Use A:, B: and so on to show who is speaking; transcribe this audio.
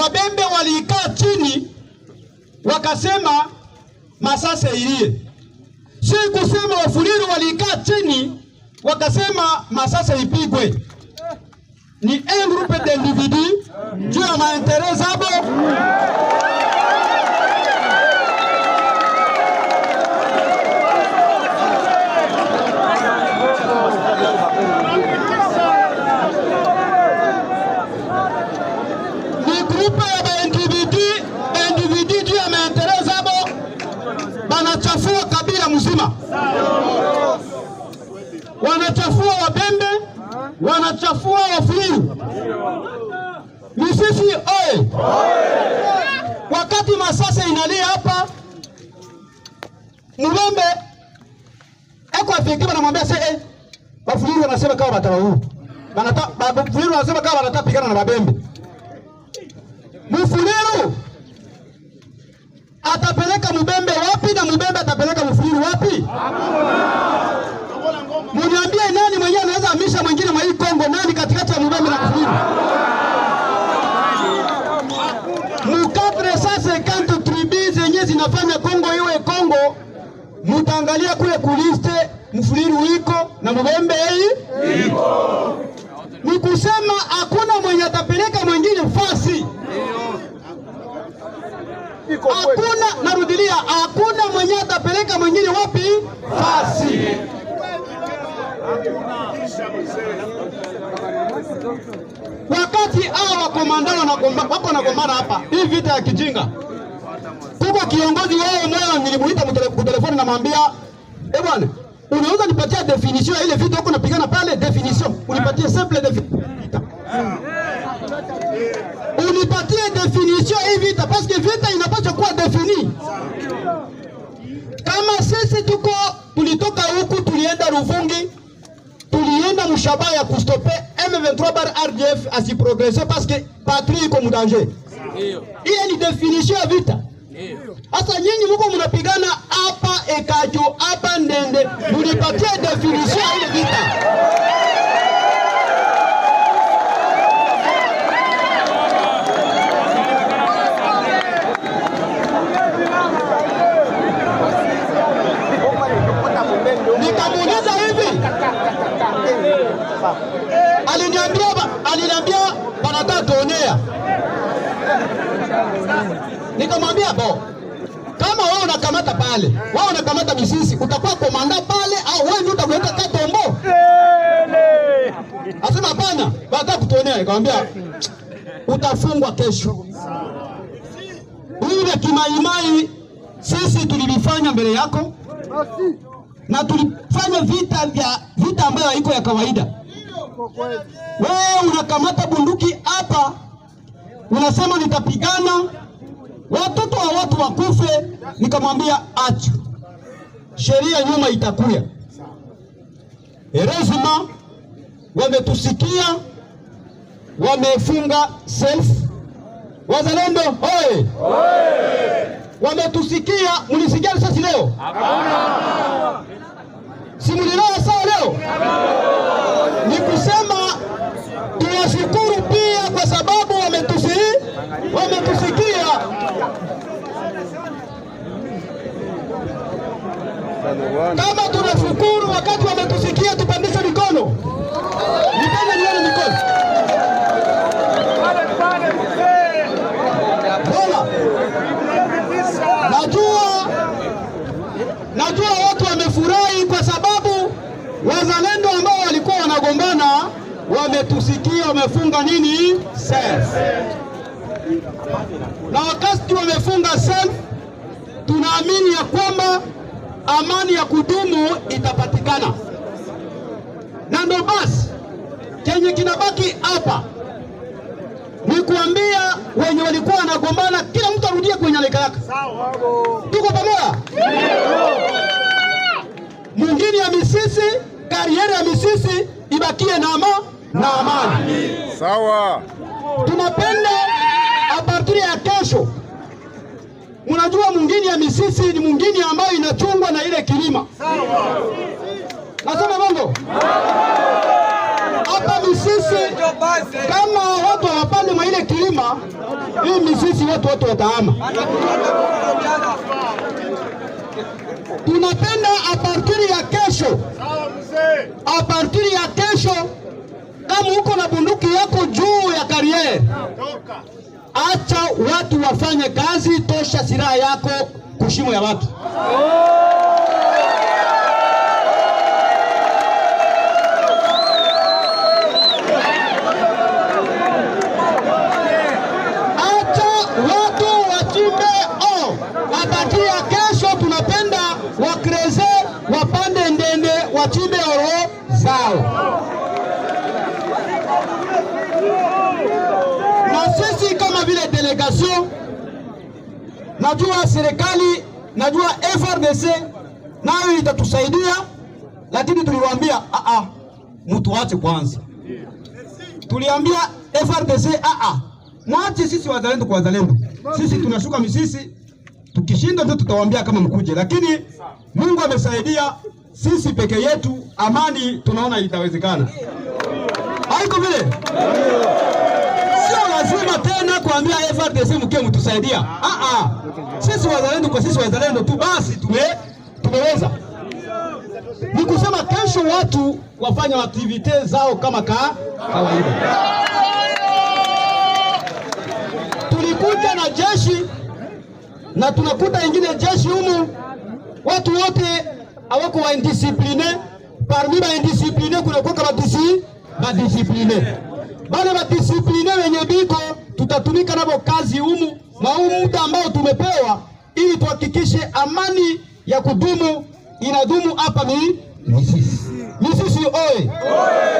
A: Wabembe waliikaa chini wakasema Masase ilie, si kusema Wafuliru waliikaa chini wakasema Masase ipigwe. Ni un groupe d'individus juu ya maentere zabo tupe maindividi maindividi ya maendeleo zabo banachafua kabila mzima, wanachafua Wabembe, wanachafua Wafuliru. Misisi oye! Wakati Masasa inalia hapa, Mubembe eko afikiwa namwambia se eh, Wafuliru wanasema kama batawau, Wafuliru wanasema kama wanataka pigana na Babembe Mufuliru atapeleka Mubembe wapi na Mubembe atapeleka Mufuliru wapi? Muniambie nani mwenyewe anaweza hamisha mwingine mwa hii Kongo? Nani katikati ya Mubembe na Mufuliru? Mukadre sasa kanto tribi zenye zinafanya Kongo iwe Kongo, mutaangalia kule kuliste Mufuliru iko na Mubembe hii
B: iko.
A: Nikusema hakuna mwenye hakuna narudilia, hakuna mwenye atapeleka mwingine wapi
B: fasi.
A: Wakati hawa wakomandano wako nagombana hapa, hii vita ya kijinga, kuko kiongozi wao moyo, nilimuita kutelefoni, namwambia eh, bwana unaweza nipatia definition ya ile vita huko napigana pale, definition unipatie simple definition tupatie definition hii vita, paske vita inapaswa kuwa defini. Kama sisi tuko tulitoka huku tulienda Ruvungi, tulienda mshaba ya kustope M23 bar RDF asiprogrese, paske patrie iko mudanger. Hiyo ni definition ya vita. Sasa nyinyi mko mna hapa. Aliniambia, aliniambia wanataka tuonyea. nikamwambia bo, kama wewe unakamata pale, wewe unakamata misisi, utakuwa komanda pale au wewe ndio utakuweka katombo? Asema hapana, baada kutuonea. Nikamwambia utafungwa kesho. Ile kimaimai sisi tulilifanya mbele yako na tulifanya vita vya vita ambayo haiko ya kawaida wewe unakamata bunduki hapa, unasema nitapigana watoto wa watu wakufe. Nikamwambia acha sheria nyuma itakuya. Erezima wametusikia, wamefunga self. Wazalendo hoye! Wametusikia, mlisikia risasi leo? Hapana. Si leo? Hapana. watu ambao walikuwa wanagombana wametusikia, wamefunga nini self, na wakati wamefunga self, tunaamini ya kwamba amani ya kudumu itapatikana, na ndo basi chenye kinabaki hapa ni kuambia wenye walikuwa wanagombana, kila mtu arudie kwenye alika yake. Tuko pamoja? Mwingine ya misisi kariera ya Misisi ibakie na ama,
B: na amani. Sawa,
A: tunapenda aparturi ya kesho. Mnajua mwingine ya Misisi ni mwingine ambayo inachungwa na ile kilima. Sawa, nasema bongo hapa Misisi, kama watu hawapande mwa ile kilima hii Misisi, watu wote wataama. Tunapenda Kariye, Acha watu wafanye kazi, tosha silaha yako kushimu ya watu. Oh! delegation, najua serikali, najua FRDC nayo itatusaidia, lakini tuliwaambia a ah, a, ah, mtuache kwanza. Tuliambia FRDC a ah, a, mwache sisi wazalendo kwa wazalendo, sisi tunashuka misisi, tukishinda ndio tutawaambia kama mkuje, lakini Mungu amesaidia sisi peke yetu, amani tunaona itawezekana, haiko vile? RDC mkie mtusaidia. Ah ah. Sisi wazalendo kwa sisi wazalendo tu basi tume tumeweza. Ni kusema kesho watu wafanya activities zao kama ka
B: kawaida.
A: Tulikuja na jeshi na tunakuta ingine jeshi humu, watu wote hawako wa indiscipline. Parmi ba indiscipline kuna kwa kama discipline, ba discipline. Bale ba discipline wenye biko tutatumika navyo kazi humu na huu muda ambao tumepewa, ili tuhakikishe amani ya kudumu inadumu hapa
B: Misisi. Misisi oye!